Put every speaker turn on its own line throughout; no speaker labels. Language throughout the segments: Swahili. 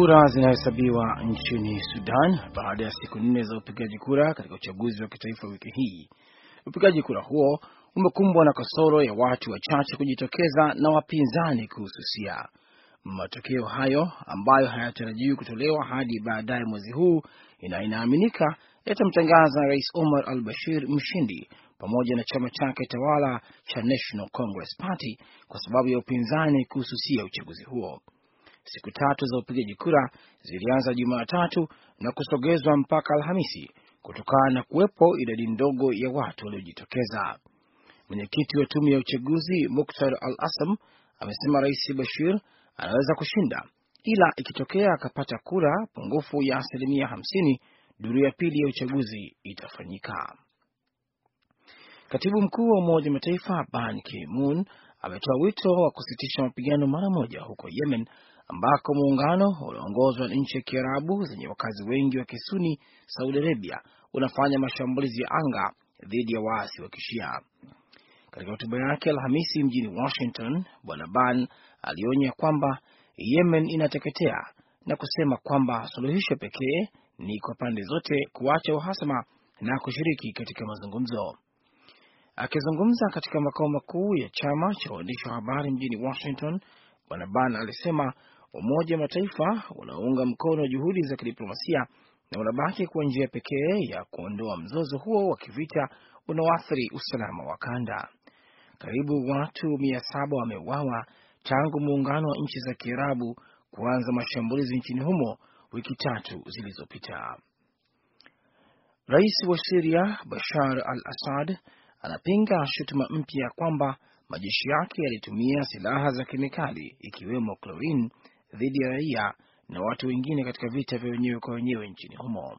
Kura zinahesabiwa nchini Sudan baada ya siku nne za upigaji kura katika uchaguzi wa kitaifa wiki hii. Upigaji kura huo umekumbwa na kasoro ya watu wachache kujitokeza na wapinzani kuhususia. Matokeo hayo ambayo hayatarajiwi kutolewa hadi baadaye mwezi huu, ina inaaminika yatamtangaza Rais Omar al Bashir mshindi pamoja na chama chake tawala cha National Congress Party kwa sababu ya upinzani kuhususia uchaguzi huo. Siku tatu za upigaji kura zilianza Jumatatu na kusogezwa mpaka Alhamisi kutokana na kuwepo idadi ndogo ya watu waliojitokeza. Mwenyekiti wa tume ya uchaguzi Muktar Al Asam amesema Rais Bashir anaweza kushinda, ila ikitokea akapata kura pungufu ya asilimia hamsini, duru ya pili ya uchaguzi itafanyika. Katibu mkuu wa Umoja Mataifa Ban Ki-moon ametoa wito wa kusitisha mapigano mara moja huko Yemen ambako muungano unaongozwa na nchi ya Kiarabu zenye wakazi wengi wa Kisuni, Saudi Arabia, unafanya mashambulizi ya anga dhidi ya waasi wa Kishia. Katika hotuba yake Alhamisi mjini Washington, Bwana Ban alionya kwamba Yemen inateketea na kusema kwamba suluhisho pekee ni kwa pande zote kuacha uhasama na kushiriki katika mazungumzo. Akizungumza katika makao makuu ya chama cha waandishi wa habari mjini Washington, Bwana Ban alisema Umoja wa Mataifa unaunga mkono juhudi za kidiplomasia na unabaki kuwa njia pekee ya kuondoa mzozo huo wa kivita unaoathiri usalama wa kanda. Karibu watu mia saba wameuawa tangu muungano wa nchi za Kiarabu kuanza mashambulizi nchini humo wiki tatu zilizopita. Rais wa Siria Bashar al Assad anapinga shutuma mpya kwamba majeshi yake yalitumia silaha za kemikali ikiwemo klorini dhidi ya raia na watu wengine katika vita vya wenyewe kwa wenyewe nchini humo.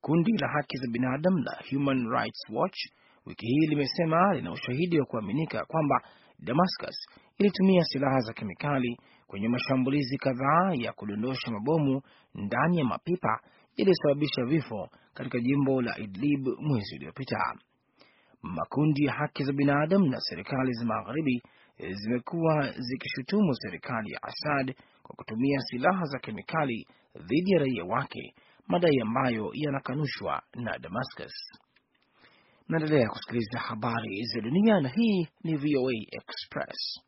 Kundi la haki za binadamu la Human Rights Watch wiki hii limesema lina ushahidi wa kuaminika kwamba Damascus ilitumia silaha za kemikali kwenye mashambulizi kadhaa ya kudondosha mabomu ndani ya mapipa yaliyosababisha vifo katika jimbo la Idlib mwezi uliopita. Makundi ya haki za binadamu na serikali za magharibi zimekuwa zikishutumu serikali ya Assad kwa kutumia silaha za kemikali dhidi ya raia wake, madai ambayo yanakanushwa na Damascus. Naendelea kusikiliza habari za dunia, na hii ni VOA Express.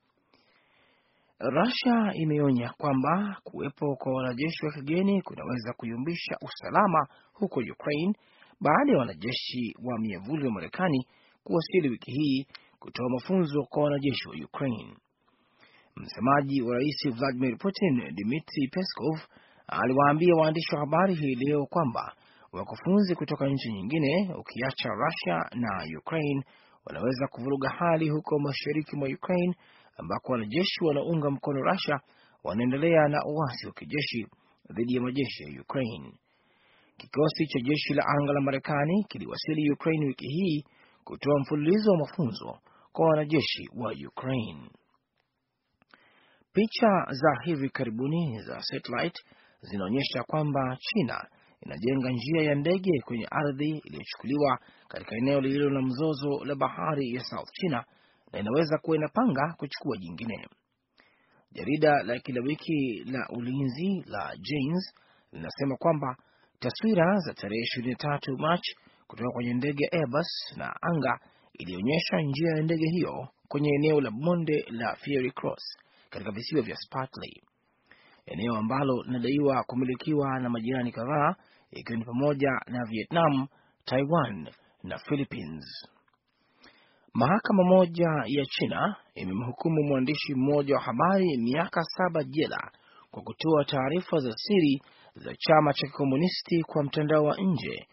Russia imeonya kwamba kuwepo kwa wanajeshi wa kigeni kunaweza kuyumbisha usalama huko Ukraine baada ya wanajeshi wa miavuli wa Marekani kuwasili wiki hii kutoa mafunzo kwa wanajeshi wa Ukraine. Msemaji wa rais Vladimir Putin, Dmitri Peskov, aliwaambia waandishi wa habari hii leo kwamba wakufunzi kutoka nchi nyingine, ukiacha Russia na Ukraine, wanaweza kuvuruga hali huko mashariki mwa Ukraine ambako wanajeshi wanaunga mkono Russia wanaendelea na uasi wa kijeshi dhidi ya majeshi ya Ukraine. Kikosi cha jeshi la anga la Marekani kiliwasili Ukraine wiki hii kutoa mfululizo wa mafunzo kwa wanajeshi wa Ukraine. Picha za hivi karibuni za satellite zinaonyesha kwamba China inajenga njia ya ndege kwenye ardhi iliyochukuliwa katika eneo lililo na mzozo la bahari ya South China na inaweza kuwa inapanga kuchukua jingine. Jarida la kila wiki la ulinzi la Janes linasema kwamba taswira za tarehe 23 Machi kutoka kwenye ndege ya Airbus na anga ilionyesha njia ya ndege hiyo kwenye eneo la bonde la Fiery Cross katika visiwa vya Spratly, eneo ambalo linadaiwa kumilikiwa na majirani kadhaa ikiwa ni pamoja na Vietnam, Taiwan na Philippines. Mahakama moja ya China imemhukumu mwandishi mmoja wa habari miaka saba jela kwa kutoa taarifa za siri za chama cha kikomunisti kwa mtandao wa nje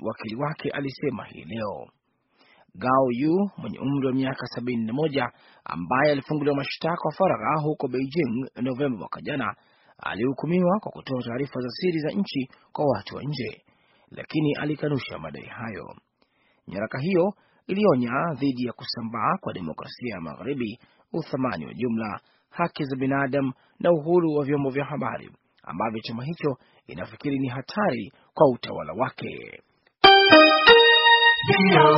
wakili wake alisema hii leo. Gao Yu mwenye umri wa miaka moja ambaye alifunguliwa mashtaka wa faragha huko Beijing Novemba mwaka jana alihukumiwa kwa kutoa taarifa za siri za nchi kwa watu wa nje, lakini alikanusha madai hayo. Nyaraka hiyo ilionya dhidi ya kusambaa kwa demokrasia ya magharibi, uthamani wa jumla, haki za binadamu na uhuru wa vyombo vya habari ambavyo chama hicho inafikiri ni hatari kwa utawala wake. 飞啊！